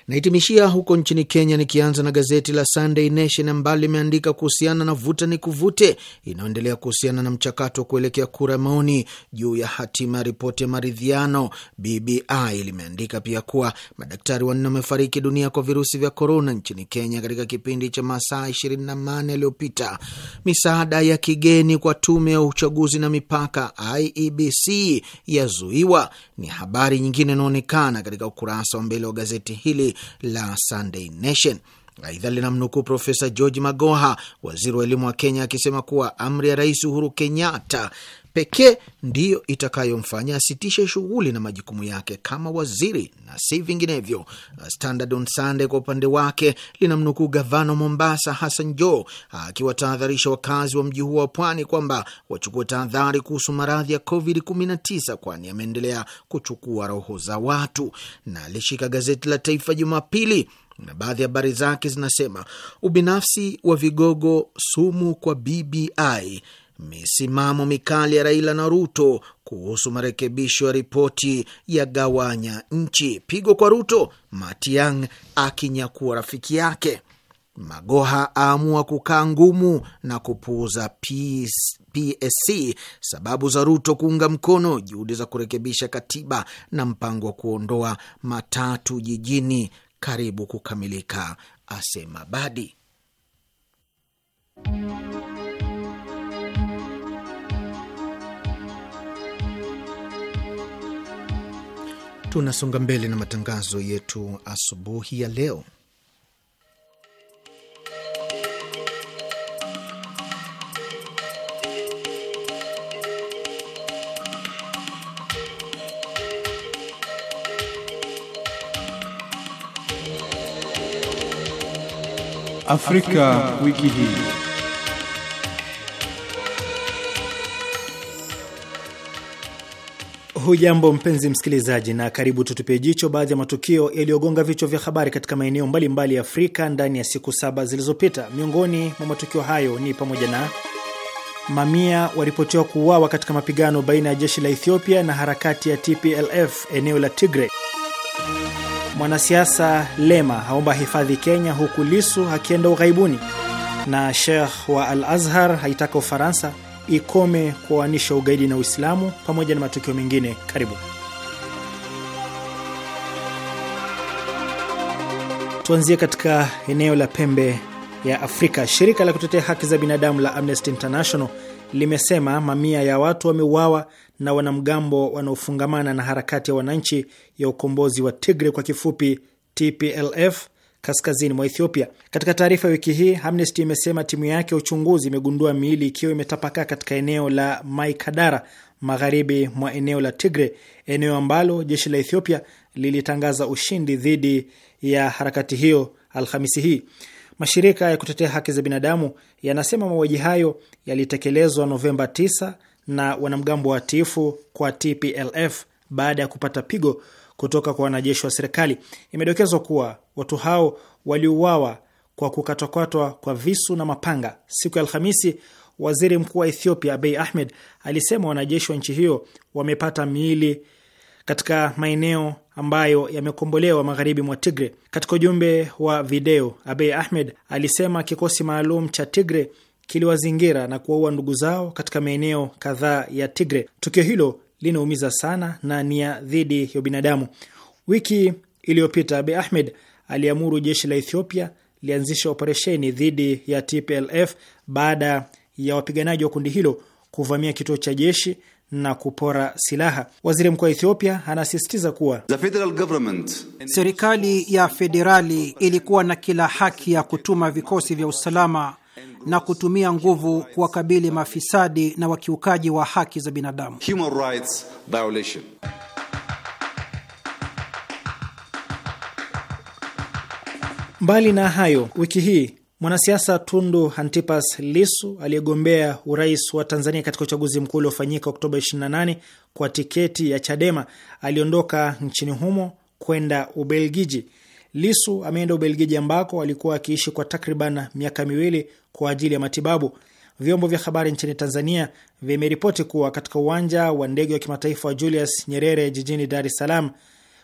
naitimishia huko nchini Kenya, nikianza na gazeti la Sunday Nation ambalo limeandika kuhusiana na vuta ni kuvute inayoendelea kuhusiana na mchakato wa kuelekea kura ya maoni juu ya hatima ya ripoti ya maridhiano BBI. Limeandika pia kuwa madaktari wanne wamefariki dunia kwa virusi vya korona nchini Kenya katika kipindi cha masaa 24 yaliyopita. Misaada ya kigeni kwa tume ya uchaguzi na mipaka IEBC yazuiwa ni habari nyingine inaonekana katika ukurasa wa mbele wa gazeti hili la Sunday Nation. Aidha, linamnukuu Profesa George Magoha, waziri wa elimu wa Kenya, akisema kuwa amri ya Rais Uhuru Kenyatta pekee ndiyo itakayomfanya asitishe shughuli na majukumu yake kama waziri na si vinginevyo. Standard on Sunday kwa upande wake linamnukuu gavana Mombasa Hassan Joho akiwatahadharisha wakazi wa mji huo wa pwani kwamba wachukue tahadhari kuhusu maradhi ya COVID-19 kwani ameendelea kuchukua roho za watu. Na alishika gazeti la Taifa Jumapili na baadhi ya habari zake zinasema ubinafsi wa vigogo sumu kwa BBI misimamo mikali ya Raila na Ruto kuhusu marekebisho ya ripoti ya gawanya nchi. Pigo kwa Ruto, Matiang akinyakua rafiki yake. Magoha aamua kukaa ngumu na kupuuza PSC. Sababu za Ruto kuunga mkono juhudi za kurekebisha katiba na mpango wa kuondoa matatu jijini karibu kukamilika, asema Badi. Tunasonga mbele na matangazo yetu asubuhi ya leo. Afrika, Afrika wiki hii. Hujambo mpenzi msikilizaji, na karibu tutupie jicho baadhi ya matukio yaliyogonga vichwa vya habari katika maeneo mbalimbali ya Afrika ndani ya siku saba zilizopita. Miongoni mwa matukio hayo ni pamoja na mamia waripotiwa kuuawa katika mapigano baina ya jeshi la Ethiopia na harakati ya TPLF eneo la Tigray, mwanasiasa Lema aomba hifadhi Kenya huku Lisu akienda ughaibuni, na Sheikh wa Al Azhar haitaka Ufaransa ikome kuoanisha ugaidi na Uislamu pamoja na matukio mengine. Karibu tuanzie katika eneo la pembe ya Afrika. Shirika la kutetea haki za binadamu la Amnesty International limesema mamia ya watu wameuawa na wanamgambo wanaofungamana na harakati ya wananchi ya ukombozi wa Tigre kwa kifupi TPLF kaskazini mwa Ethiopia. Katika taarifa ya wiki hii, Amnesty imesema timu yake ya uchunguzi imegundua miili ikiwa imetapakaa katika eneo la Maikadara magharibi mwa eneo la Tigre, eneo ambalo jeshi la Ethiopia lilitangaza ushindi dhidi ya harakati hiyo Alhamisi hii. Mashirika ya kutetea haki za binadamu yanasema mauaji hayo yalitekelezwa Novemba 9 na wanamgambo watiifu kwa TPLF baada ya kupata pigo kutoka kwa wanajeshi wa serikali. Imedokezwa kuwa watu hao waliuawa kwa kukatwakatwa kwa visu na mapanga. Siku ya Alhamisi, waziri mkuu wa Ethiopia Abiy Ahmed alisema wanajeshi wa nchi hiyo wamepata miili katika maeneo ambayo yamekombolewa magharibi mwa Tigre. Katika ujumbe wa video, Abiy Ahmed alisema kikosi maalum cha Tigre kiliwazingira na kuwaua ndugu zao katika maeneo kadhaa ya Tigre. Tukio hilo linaumiza sana na nia dhidi ya binadamu. Wiki iliyopita Abiy Ahmed aliamuru jeshi la Ethiopia lianzisha operesheni dhidi ya TPLF baada ya wapiganaji wa kundi hilo kuvamia kituo cha jeshi na kupora silaha. Waziri mkuu wa Ethiopia anasisitiza kuwa serikali ya federali ilikuwa na kila haki ya kutuma vikosi vya usalama na kutumia nguvu kuwakabili mafisadi na wakiukaji wa haki za binadamu. Human rights violation. Mbali na hayo, wiki hii mwanasiasa Tundu Antipas Lisu aliyegombea urais wa Tanzania katika uchaguzi mkuu uliofanyika Oktoba 28 kwa tiketi ya Chadema aliondoka nchini humo kwenda Ubelgiji. Lisu ameenda Ubelgiji ambako alikuwa akiishi kwa takriban miaka miwili kwa ajili ya matibabu. Vyombo vya habari nchini Tanzania vimeripoti kuwa katika uwanja wa ndege wa kimataifa wa Julius Nyerere jijini Dar es Salaam,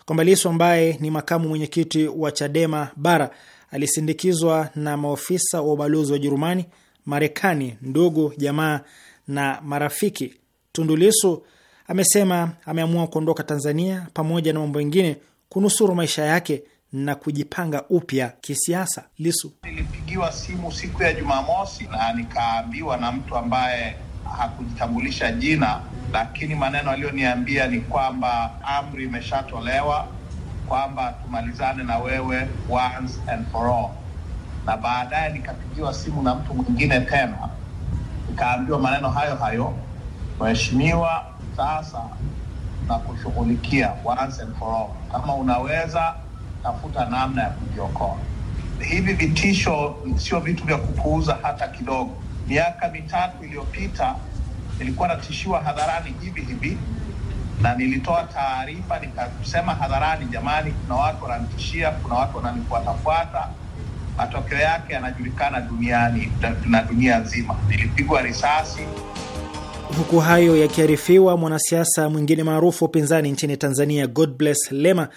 kwamba Lissu ambaye ni makamu mwenyekiti wa Chadema Bara alisindikizwa na maofisa wa ubalozi wa Ujerumani, Marekani, ndugu jamaa na marafiki. Tundu Lissu amesema ameamua kuondoka Tanzania pamoja na mambo mengine kunusuru maisha yake na kujipanga upya kisiasa. Lisu nilipigiwa simu siku ya Jumamosi na nikaambiwa na mtu ambaye hakujitambulisha jina, lakini maneno aliyoniambia ni kwamba amri imeshatolewa kwamba tumalizane na wewe once and for all. Na baadaye nikapigiwa simu na mtu mwingine tena, nikaambiwa maneno hayo hayo, mheshimiwa, sasa na kushughulikia once and for all, kama unaweza kutafuta namna ya kujiokoa. Hivi vitisho sio vitu vya kupuuza hata kidogo. Miaka mitatu iliyopita nilikuwa natishiwa hadharani hivi hivi, na nilitoa taarifa nikasema hadharani, jamani, kuna watu wananitishia, kuna watu wananifuatafuata. Matokeo yake yanajulikana duniani na dunia nzima, nilipigwa risasi. Huku hayo yakiarifiwa, mwanasiasa mwingine maarufu upinzani nchini Tanzania, Godbless Lema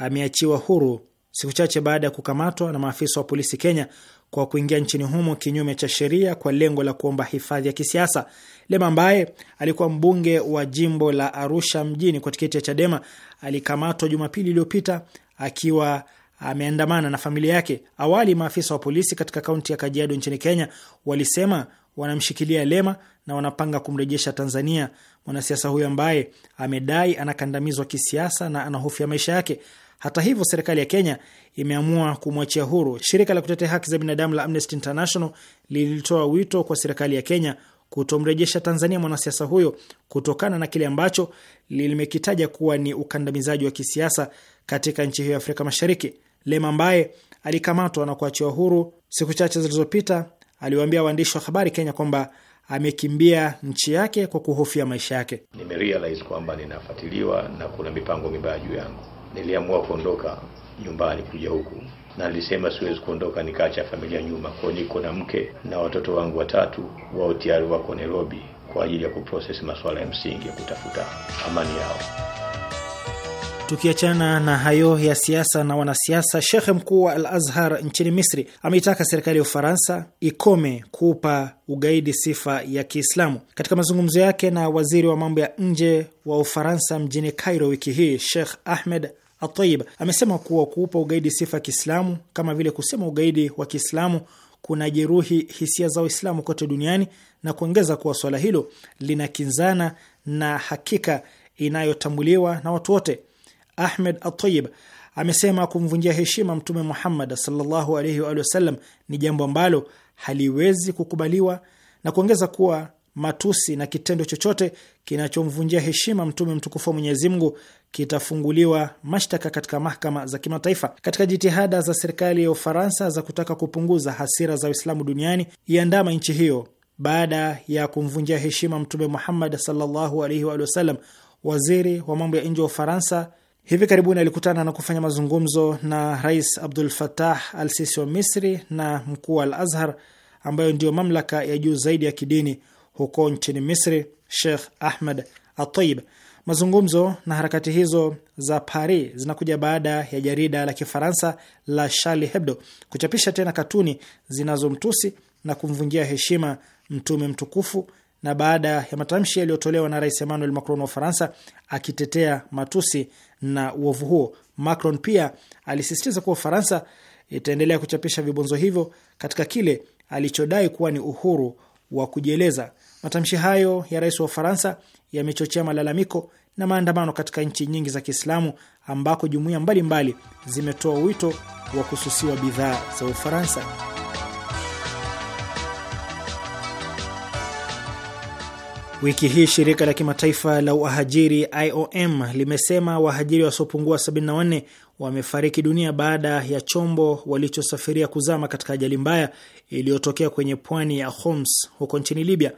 ameachiwa huru siku chache baada ya kukamatwa na maafisa wa polisi Kenya kwa kuingia nchini humo kinyume cha sheria kwa lengo la kuomba hifadhi ya kisiasa. Lema ambaye alikuwa mbunge wa jimbo la Arusha mjini kwa tiketi ya Chadema alikamatwa Jumapili iliyopita akiwa ameandamana na familia yake. Awali maafisa wa polisi katika kaunti ya Kajiado nchini Kenya walisema wanamshikilia Lema na wanapanga kumrejesha Tanzania. Mwanasiasa huyo ambaye amedai anakandamizwa kisiasa na anahofia maisha yake hata hivyo, serikali ya Kenya imeamua kumwachia huru. Shirika la kutetea haki za binadamu la Amnesty International lilitoa wito kwa serikali ya Kenya kutomrejesha Tanzania mwanasiasa huyo kutokana na kile ambacho limekitaja kuwa ni ukandamizaji wa kisiasa katika nchi hiyo ya Afrika Mashariki. Lema ambaye alikamatwa na kuachiwa huru siku chache zilizopita aliwaambia waandishi wa habari Kenya kwamba amekimbia nchi yake kwa kuhofia maisha yake. Nimerealize kwamba ninafuatiliwa na kuna mipango mibaya juu yangu niliamua kuondoka nyumbani kuja huku na nilisema siwezi kuondoka nikaacha familia nyuma. Kwa niko na mke na watoto wangu watatu, wao tayari wako Nairobi kwa ajili ya kuprocess masuala ya msingi ya kutafuta amani yao. Tukiachana na hayo ya siasa na wanasiasa, shekhe mkuu wa Al Azhar nchini Misri ameitaka serikali ya Ufaransa ikome kuupa ugaidi sifa ya Kiislamu. Katika mazungumzo yake na waziri wa mambo ya nje wa Ufaransa mjini Cairo wiki hii, Shekh Ahmed Atayib amesema kuwa kuupa ugaidi sifa ya Kiislamu kama vile kusema ugaidi wa Kiislamu kuna jeruhi hisia za Waislamu kote duniani na kuongeza kuwa swala hilo linakinzana na hakika inayotambuliwa na watu wote. Ahmed Atayib amesema kumvunjia heshima Mtume Muhammad sallallahu alaihi wa sallam ni jambo ambalo haliwezi kukubaliwa na kuongeza kuwa matusi na kitendo chochote kinachomvunjia heshima mtume mtukufu wa Mwenyezi Mungu kitafunguliwa mashtaka katika mahakama za kimataifa. Katika jitihada za serikali ya Ufaransa za kutaka kupunguza hasira za Uislamu duniani iandama nchi hiyo baada ya kumvunjia heshima Mtume Muhammad sallallahu alaihi wa sallam, waziri wa mambo ya nje wa Ufaransa hivi karibuni alikutana na kufanya mazungumzo na Rais Abdul Fatah al Sisi wa Misri na mkuu wa Al Azhar ambayo ndiyo mamlaka ya juu zaidi ya kidini huko nchini Misri, Sheikh Ahmed Atayib. Mazungumzo na harakati hizo za Paris zinakuja baada ya jarida la Kifaransa la Charlie Hebdo kuchapisha tena katuni zinazomtusi na kumvunjia heshima mtume mtukufu na baada ya matamshi yaliyotolewa na Rais Emmanuel Macron wa Ufaransa akitetea matusi na uovu huo. Macron pia alisisitiza kuwa Ufaransa itaendelea kuchapisha vibonzo hivyo katika kile alichodai kuwa ni uhuru wa kujieleza. Matamshi hayo ya rais wa Ufaransa yamechochea malalamiko na maandamano katika nchi nyingi za Kiislamu ambako jumuiya mbalimbali zimetoa wito wa kususiwa bidhaa za Ufaransa. Wiki hii shirika la kimataifa la wahajiri IOM limesema wahajiri wasiopungua 74 wamefariki dunia baada ya chombo walichosafiria kuzama katika ajali mbaya iliyotokea kwenye pwani ya Homs huko nchini Libya.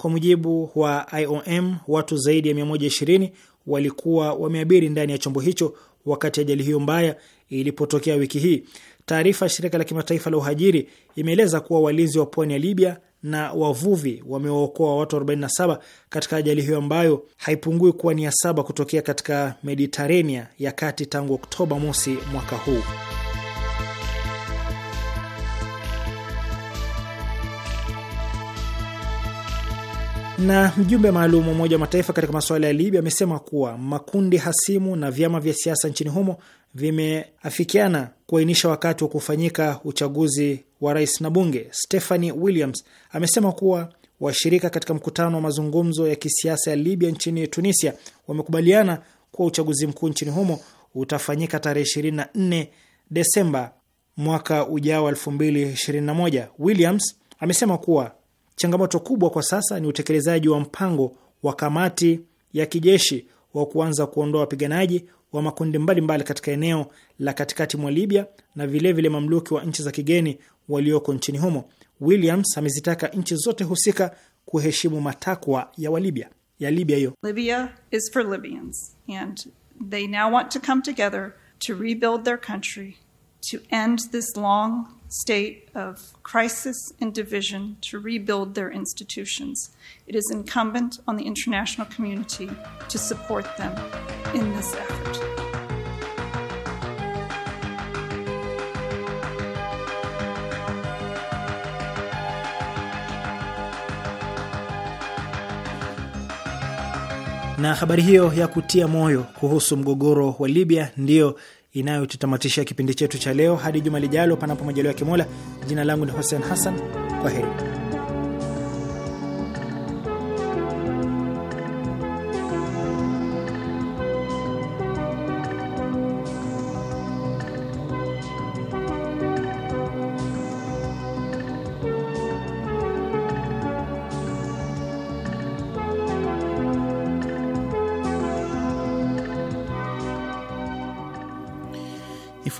Kwa mujibu wa IOM, watu zaidi ya 120 walikuwa wameabiri ndani ya chombo hicho wakati ajali hiyo mbaya ilipotokea wiki hii. Taarifa ya shirika la kimataifa la uhajiri imeeleza kuwa walinzi wa pwani ya Libya na wavuvi wamewaokoa watu 47 katika ajali hiyo ambayo haipungui kuwa ni ya saba kutokea katika Mediterania ya kati tangu Oktoba mosi mwaka huu. Na mjumbe maalum wa Umoja wa Mataifa katika masuala ya Libya amesema kuwa makundi hasimu na vyama vya siasa nchini humo vimeafikiana kuainisha wakati wa kufanyika uchaguzi wa rais na bunge. Stephanie Williams amesema kuwa washirika katika mkutano wa mazungumzo ya kisiasa ya Libya nchini Tunisia wamekubaliana kuwa uchaguzi mkuu nchini humo utafanyika tarehe 24 Desemba mwaka ujao 2021. Williams amesema kuwa Changamoto kubwa kwa sasa ni utekelezaji wa mpango wa kamati ya kijeshi wa kuanza kuondoa wapiganaji wa makundi mbalimbali mbali katika eneo la katikati mwa Libya na vilevile vile mamluki wa nchi za kigeni walioko nchini humo. Williams amezitaka nchi zote husika kuheshimu matakwa ya Walibya ya Libya hiyo. Libya is for Libyans and they now want to come together to rebuild their country to end this long state of crisis and division to rebuild their institutions. It is incumbent on the international community to support them in this effort. Na habari hiyo ya kutia moyo kuhusu mgogoro wa Libya ndiyo inayotutamatishia kipindi chetu cha leo. Hadi juma lijalo, panapo majaliwa ya Kimola. Jina langu ni Hussein Hassan, kwa heri.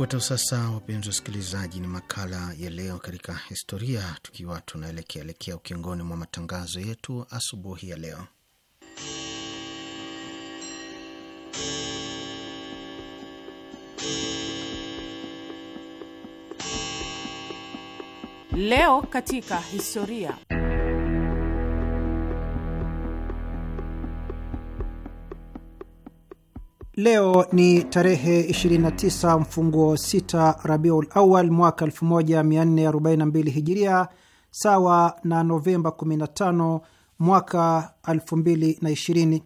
Ufuatao sasa, wapenzi wasikilizaji, ni makala ya leo katika historia, tukiwa tunaelekea elekea ukingoni mwa matangazo yetu asubuhi ya leo. Leo katika historia Leo ni tarehe 29 mfunguo 6 Rabiul Awal mwaka 1442 Hijiria, sawa na Novemba 15 mwaka 2020.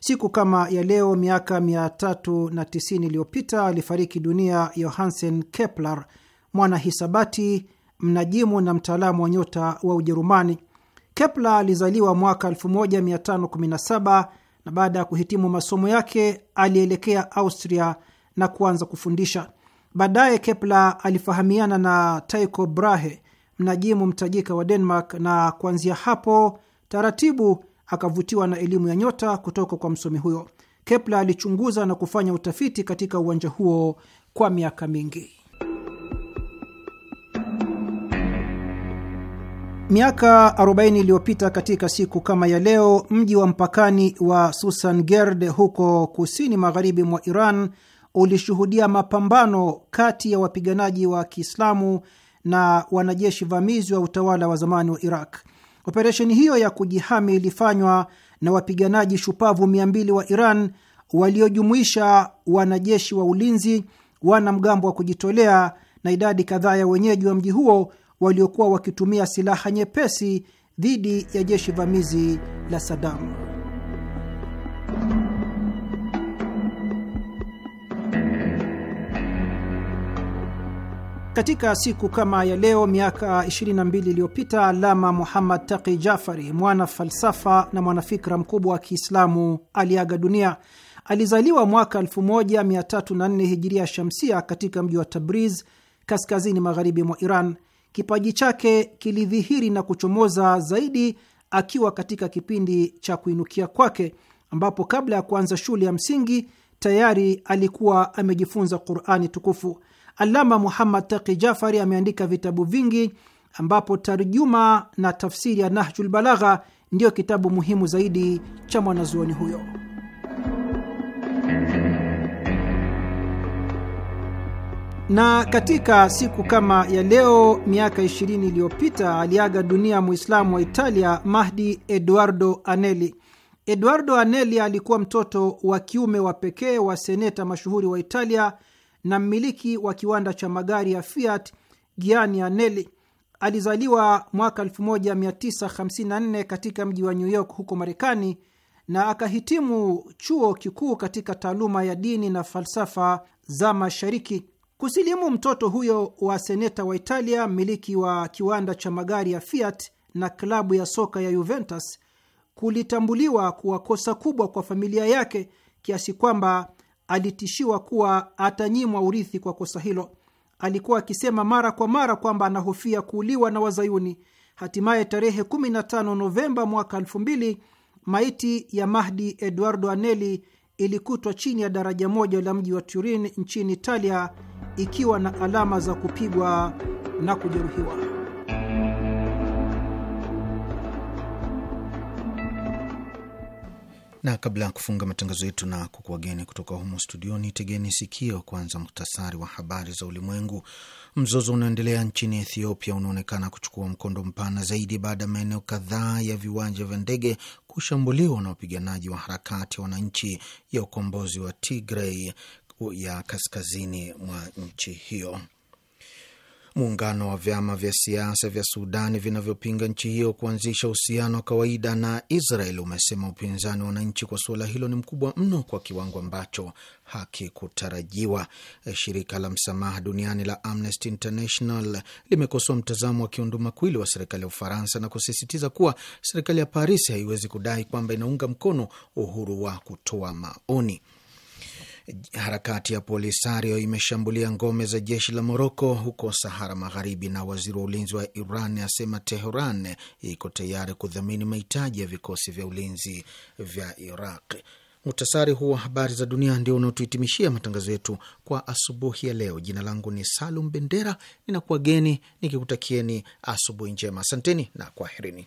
Siku kama ya leo miaka 390 iliyopita alifariki dunia Johansen Kepler, mwana hisabati, mnajimu na mtaalamu wa nyota wa Ujerumani. Kepler alizaliwa mwaka 1517 na baada ya kuhitimu masomo yake alielekea Austria na kuanza kufundisha. Baadaye Kepler alifahamiana na Tycho Brahe, mnajimu mtajika wa Denmark, na kuanzia hapo taratibu akavutiwa na elimu ya nyota kutoka kwa msomi huyo. Kepler alichunguza na kufanya utafiti katika uwanja huo kwa miaka mingi. Miaka 40 iliyopita katika siku kama ya leo, mji wa mpakani wa Susangerd huko kusini magharibi mwa Iran ulishuhudia mapambano kati ya wapiganaji wa Kiislamu na wanajeshi vamizi wa utawala wa zamani wa Iraq. Operesheni hiyo ya kujihami ilifanywa na wapiganaji shupavu 200 wa Iran waliojumuisha wanajeshi wa ulinzi, wanamgambo wa kujitolea na idadi kadhaa ya wenyeji wa mji huo waliokuwa wakitumia silaha nyepesi dhidi ya jeshi vamizi la Sadamu. Katika siku kama ya leo miaka 22 iliyopita Alama Muhammad Taqi Jafari, mwana falsafa na mwanafikra mkubwa wa Kiislamu, aliaga dunia. Alizaliwa mwaka 1304 hijiria shamsia katika mji wa Tabriz, kaskazini magharibi mwa Iran. Kipaji chake kilidhihiri na kuchomoza zaidi akiwa katika kipindi cha kuinukia kwake, ambapo kabla ya kuanza shule ya msingi tayari alikuwa amejifunza Qurani tukufu. Alama Muhammad Taqi Jafari ameandika vitabu vingi, ambapo tarjuma na tafsiri ya Nahjul Balagha ndiyo kitabu muhimu zaidi cha mwanazuoni huyo. Na katika siku kama ya leo miaka 20 iliyopita aliaga dunia Muislamu wa Italia Mahdi Eduardo Anelli. Eduardo Anelli alikuwa mtoto wa kiume wa pekee wa seneta mashuhuri wa Italia na mmiliki wa kiwanda cha magari ya Fiat giani Anelli. Alizaliwa mwaka 1954 katika mji wa New York huko Marekani na akahitimu chuo kikuu katika taaluma ya dini na falsafa za Mashariki. Kusilimu mtoto huyo wa seneta wa Italia, mmiliki wa kiwanda cha magari ya Fiat na klabu ya soka ya Juventus kulitambuliwa kuwa kosa kubwa kwa familia yake kiasi kwamba alitishiwa kuwa atanyimwa urithi kwa kosa hilo. Alikuwa akisema mara kwa mara kwamba anahofia kuuliwa na Wazayuni. Hatimaye tarehe 15 Novemba mwaka 2000 maiti ya Mahdi Eduardo Anelli ilikutwa chini ya daraja moja la mji wa Turin nchini Italia ikiwa na alama za kupigwa na kujeruhiwa. Na kabla ya kufunga matangazo yetu na kukuwageni kutoka humo studioni, tegeni sikio kwanza muhtasari wa habari za ulimwengu. Mzozo unaoendelea nchini Ethiopia unaonekana kuchukua mkondo mpana zaidi baada ya maeneo kadhaa ya viwanja vya ndege kushambuliwa na wapiganaji wa harakati ya wananchi ya ukombozi wa Tigray ya kaskazini mwa nchi hiyo. Muungano wa vyama vya siasa vya Sudani vinavyopinga nchi hiyo kuanzisha uhusiano wa kawaida na Israel umesema upinzani wa wananchi kwa suala hilo ni mkubwa mno kwa kiwango ambacho hakikutarajiwa. Shirika la msamaha duniani la Amnesty International limekosoa mtazamo wa kiundumakuwili wa serikali ya Ufaransa na kusisitiza kuwa serikali ya Paris haiwezi kudai kwamba inaunga mkono uhuru wa kutoa maoni. Harakati ya Polisario imeshambulia ngome za jeshi la Moroko huko Sahara Magharibi, na waziri wa ulinzi wa Iran asema Teheran iko tayari kudhamini mahitaji ya vikosi vya ulinzi vya Iraq. Muhtasari huu wa habari za dunia ndio unaotuhitimishia matangazo yetu kwa asubuhi ya leo. Jina langu ni Salum Bendera, ninakuwageni nikikutakieni asubuhi njema. Asanteni na kwaherini.